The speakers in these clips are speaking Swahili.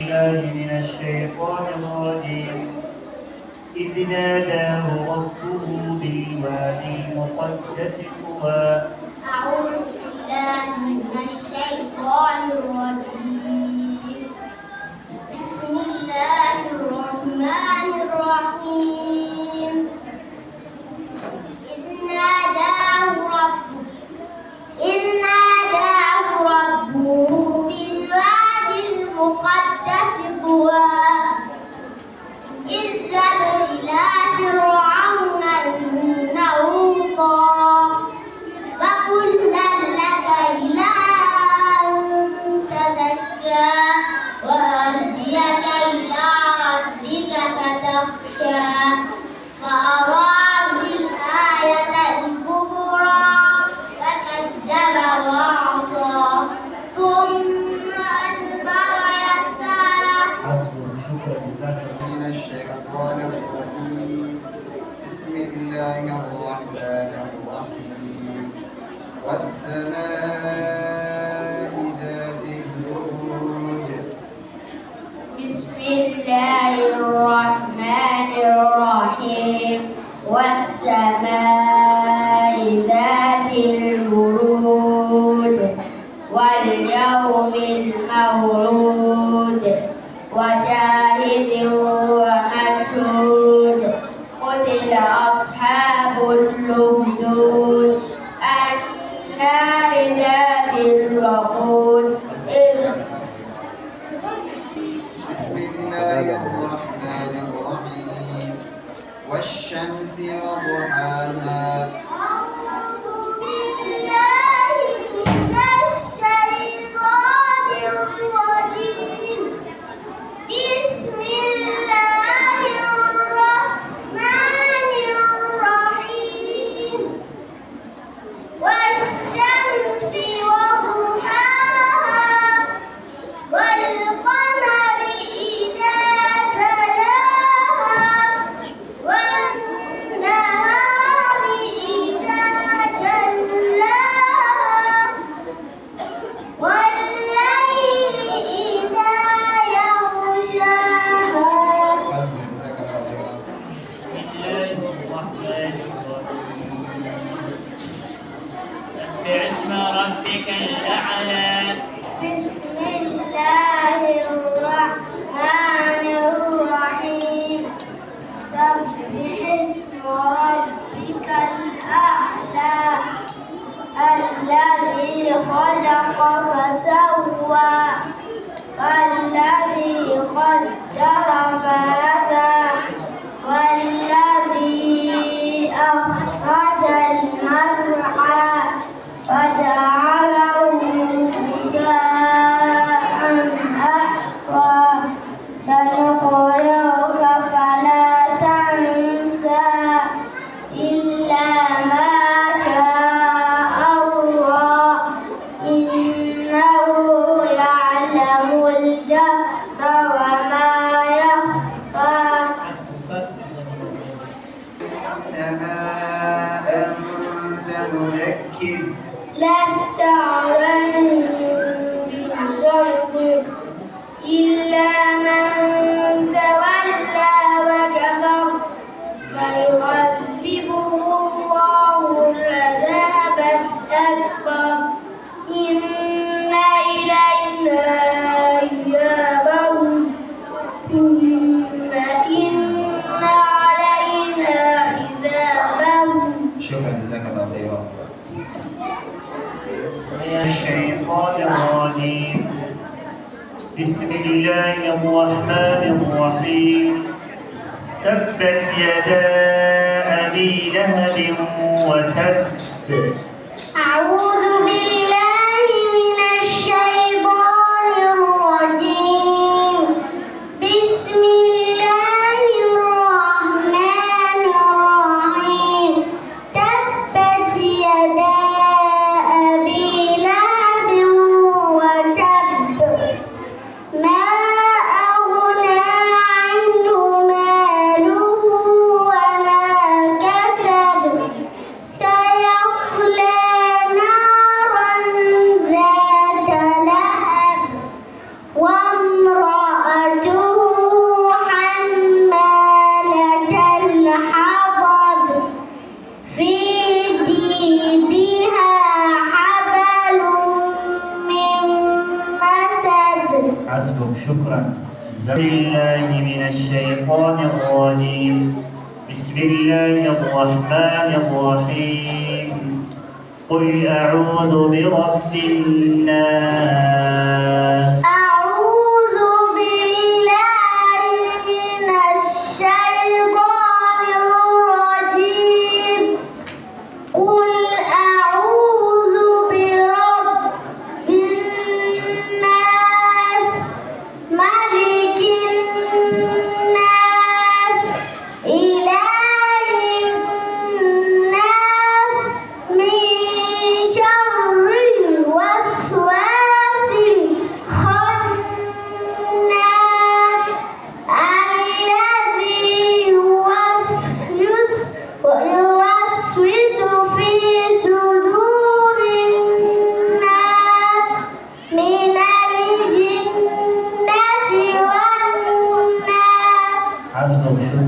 الله من الشيطان الرجيم إذ ناداه ربه بالوادي المقدس طوى أعوذ بالله من الشيطان الرجيم بسم الله الرحمن الرحيم والسماء ذات البروج واليوم الموعود والشمس وضحاها ربك الأعلى بسم الله الرحمن الرحيم سبح اسم ربك الأعلى الذي خلق فسوى الذي قدر فهدى إنما أنت مذكر لست عليهم الرحمن الرحيم تبت يدا أبي لهب وتب الرحمن الرحيم قل أعوذ برب الناس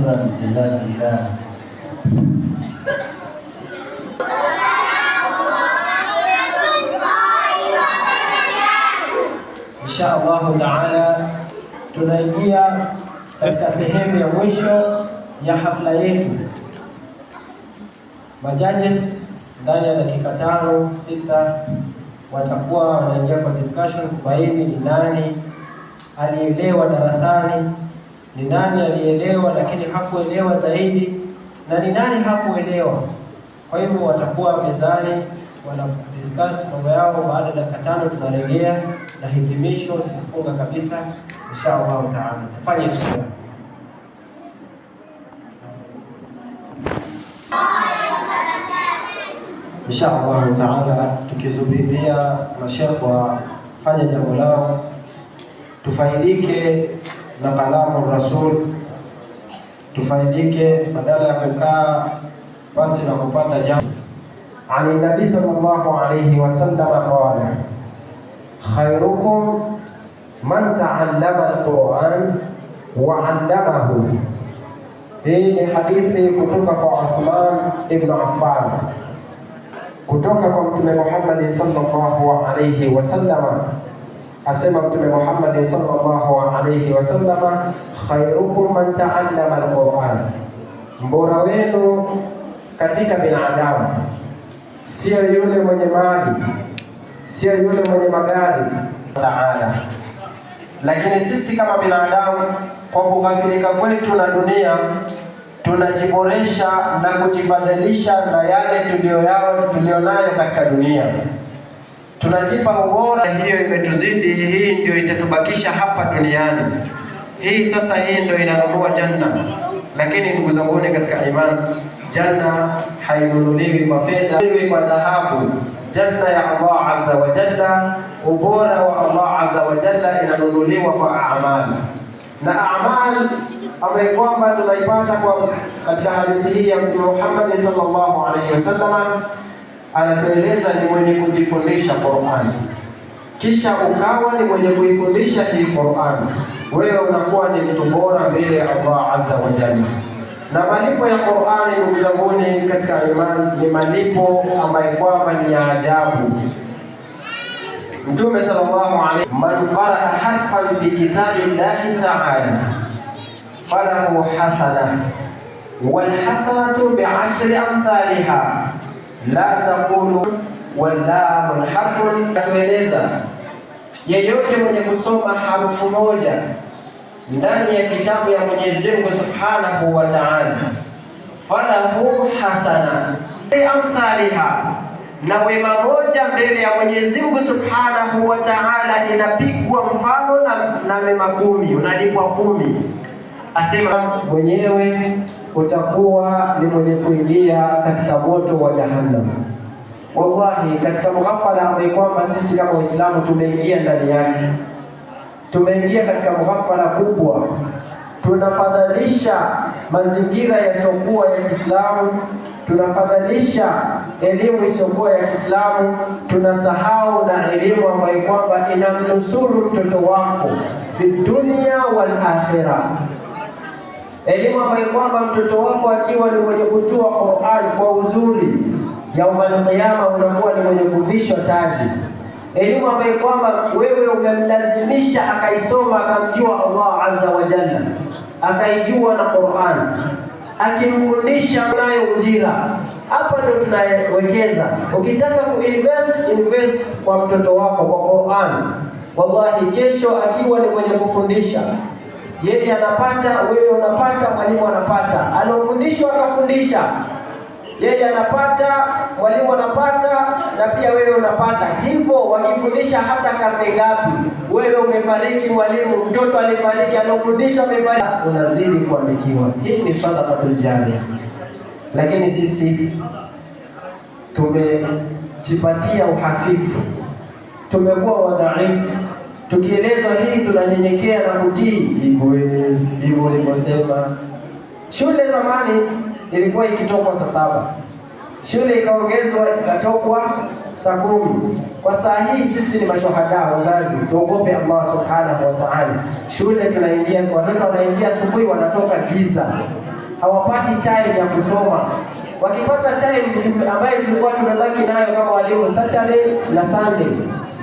Shukrani mtendaji idara insha allahu taala, tunaingia katika sehemu ya mwisho ya hafla yetu. majajes ndani ya dakika tano sita watakuwa wanaingia kwa discussion kubaini ni nani aliyelewa darasani ni nani alielewa lakini hakuelewa zaidi, na ni nani hakuelewa? Kwa hivyo watakuwa mezani wana discuss mambo yao. Baada ya dakika tano tunarejea na hitimisho tukifunga kabisa, inshallah taala. Tufanye subira. Inshallah taala, tukizubiria mashekhe wafanye jambo lao, tufaidike na kalamu rasul, tufaidike badala ya kukaa basi na kupata jambo. Ani nabii sallallahu alayhi wasallam qala khairukum man taallama alquran wa allamahu. Hii ni hadithi kutoka kwa Uthman ibn Affan kutoka kwa Mtume Muhammad sallallahu alayhi wasallam asema Mtume Muhammad sallallahu alayhi wasallam, khairukum man taallama alquran, mbora wenu katika binadamu sio yule mwenye mali, sio yule mwenye magari taala. Lakini sisi kama binadamu kwa kughafilika kwetu na dunia tunajiboresha na kujifadhilisha na yale tuliyonayo katika dunia tunajipa ubora, hiyo imetuzidi, hii ndio itatubakisha hapa duniani. Hii sasa, hii ndio inanunua janna. Lakini ndugu zanguni katika imani, janna hainunuliwi kwa fedha, kwa dhahabu. Janna ya Allah azza wa jalla, ubora wa Allah azza wa jalla inanunuliwa kwa amali na amali ambaye kwamba tunaipata kwa katika hadithi hii ya Mtume Muhammad sallallahu alaihi wasallam anatueleza ni mwenye kujifundisha Qur'ani, kisha ukawa ni mwenye kuifundisha hii Qur'ani, wewe unakuwa ni mtu bora mbele ya Allah azza wa jalla. Na malipo ya Qur'ani, ndugu zanguni katika imani, ni malipo ambayo kwamba ni ya ajabu. Mtume sallallahu alayhi man qaraa harfan fi kitabi llahi ta'ala falahu hasana wal hasanatu bi'ashri amthaliha la taqulu wallahu alhaqu. Katueleza yeyote mwenye kusoma harufu moja ndani ya kitabu ya Mwenyezi Mungu Subhanahu wa Ta'ala, falahu hasana amthaliha, na wema moja mbele ya Mwenyezi Mungu Subhanahu wa Ta'ala inapigwa mfano na, na mema kumi, unalipwa kumi. Asema mwenyewe utakuwa ni mwenye kuingia katika moto wa Jahannam. Wallahi, katika mughafala ambaye kwamba sisi kama Waislamu tumeingia ndani yake, tumeingia katika mughafala kubwa, tunafadhalisha mazingira yasiokuwa ya Kiislamu, tunafadhalisha elimu isiyokuwa ya Kiislamu, tunasahau na elimu ambayo kwamba inamnusuru mtoto wako fi dunia wal akhirah elimu ambayo kwamba mtoto wako akiwa ni mwenye kutua Qur'an kwa uzuri, ya qiyama unakuwa ni mwenye kuvishwa taji. Elimu ambayo kwamba wewe umemlazimisha akaisoma akamjua Allah azza wa jalla, akaijua na Qur'an akimfundisha nayo ujira. Hapa ndo tunawekeza. Ukitaka kuinvest, invest kwa mtoto wako kwa Qur'an. Wallahi, kesho akiwa ni mwenye kufundisha yeye anapata, wewe unapata, mwalimu anapata, aliofundishwa akafundisha, yeye anapata, mwalimu anapata, na pia wewe unapata. Hivyo wakifundisha hata karne ngapi, wewe umefariki, mwalimu mtoto alifariki, aliofundisha amefariki, unazidi kuandikiwa. Hii ni sadaqatul jaria, lakini sisi tumejipatia uhafifu, tumekuwa wadhaifu Tukielezwa hili tunanyenyekea na kutii igwe hivyo ulivyosema. Shule zamani ilikuwa ikitokwa saa saba, shule ikaongezwa ikatokwa saa kumi. Kwa saa hii sisi ni mashuhada, wazazi tuogope Allah subhanahu wa ta'ala. Shule tunaingia, watoto wanaingia asubuhi, wanatoka giza, hawapati time ya kusoma wakipata time ambayo tulikuwa tumebaki nayo kama walimu Saturday na Sunday,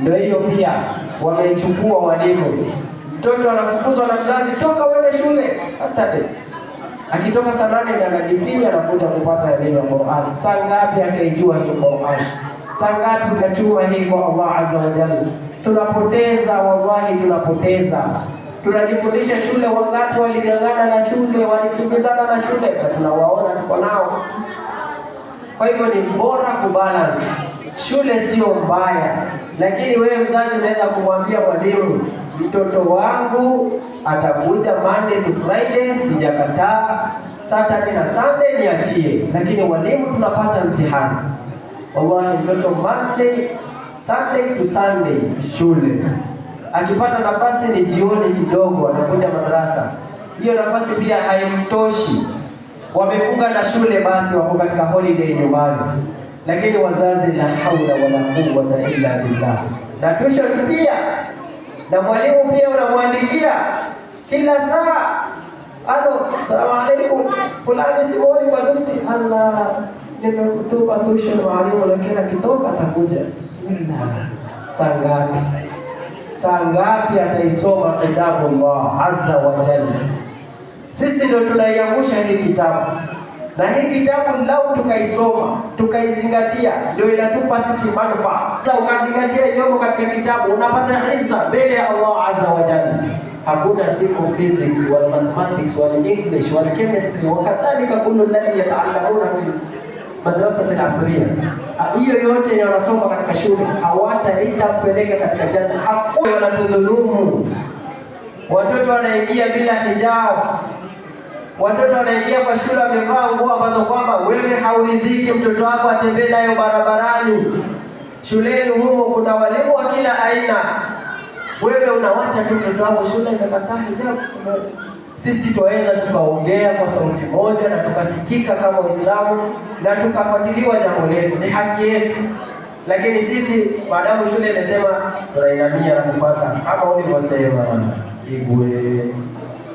ndio hiyo pia wameichukua mwalimu Mtoto anafukuzwa na mzazi, toka uende shule Saturday, akitoka sarani na anajifinya na kuja kupata elimu ya Qur'an. Saa ngapi akaijua hii Qur'an? Saa ngapi kachua hii kwa Allah azza wa jalla? Tunapoteza wallahi, tunapoteza tunajifundisha shule. Wangapi walingang'ana na shule, walikimbizana na shule, na tunawaona tuko nao. Kwa hivyo ni bora kubalance Shule sio mbaya, lakini wewe mzazi unaweza kumwambia mwalimu, mtoto wangu atakuja Monday to Friday, sijakataa. Saturday na Sunday niachie, lakini walimu tunapata mtihani. Wallahi, mtoto Monday Sunday to Sunday shule, akipata nafasi ni jioni kidogo, anakuja madrasa. Hiyo nafasi pia haimtoshi, wamefunga na shule, basi wako katika holiday nyumbani lakini wazazi, la haula wala quwwata illa billah. Na tuition pia na mwalimu pia unamwandikia kila saa, alo salamu alaikum fulani, simoni dusi Allah nimekutuma tuition mwalimu, lakini akitoka atakuja. Bismillah, saa ngapi? Saa ngapi ataisoma kitabu Allah azza wa jalla? Sisi ndio tunaiangusha hii kitabu na hii kitabu lau tukaisoma tukaizingatia, ndio inatupa sisi manufaa. Ukazingatia iliyomo katika kitabu, unapata izza mbele ya Allah azza wa jalla. Hakuna siku physics wal mathematics wal english wal chemistry wa kadhalika kullu alladhi yataallamuna fi madrasa al-asriya, ah, hiyo yote wanasoma katika shule hawataita kupeleka katika janna. Hakuna wanatudhulumu, watoto wanaingia bila hijab Watoto wanaingia kwa shule wamevaa nguo ambazo kwamba wewe hauridhiki mtoto wako atembee nayo barabarani. Shuleni humo kuna walimu wa kila aina, wewe unawacha tu mtoto wako shule imekataa hijabu. Sisi twaweza tukaongea kwa sauti moja na tukasikika kama Waislamu na tukafuatiliwa jambo letu, ni haki yetu. Lakini sisi maadamu shule imesema, tunainamia na kufuata kama ulivyosema, Igwe.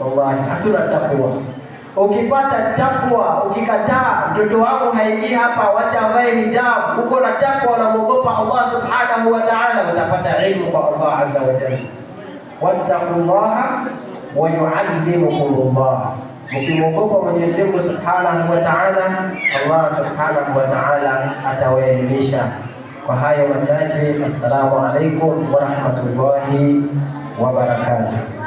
Wallahi hatuna takwa. Ukipata takwa, ukikataa mtoto wako haingii hapa, wacha avae hijabu, uko na takwa, unamwogopa Allah subhanahu wa ta'ala, utapata ilmu kwa Allah azza wa jalla. Wattaqullaha wa yuallimukumullah Mkimwogopa Mwenyezi Mungu subhanahu wa taala, Allah subhanahu wa taala atawaelimisha. Kwa hayo machache, assalamu alaikum wa rahmatullahi wa barakatuh.